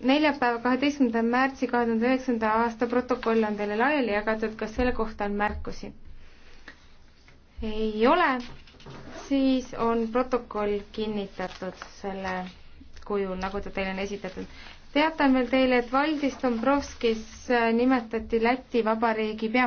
neljapäev, kaheteistkümnenda märtsi kahe tuhande üheksanda aasta protokoll on teile laiali jagatud, kas selle kohta on märkusi? ei ole, siis on protokoll kinnitatud selle kujul, nagu ta teile on esitatud. teatan veel teile, et Valdis Dombrovskis äh, nimetati Läti Vabariigi pea-.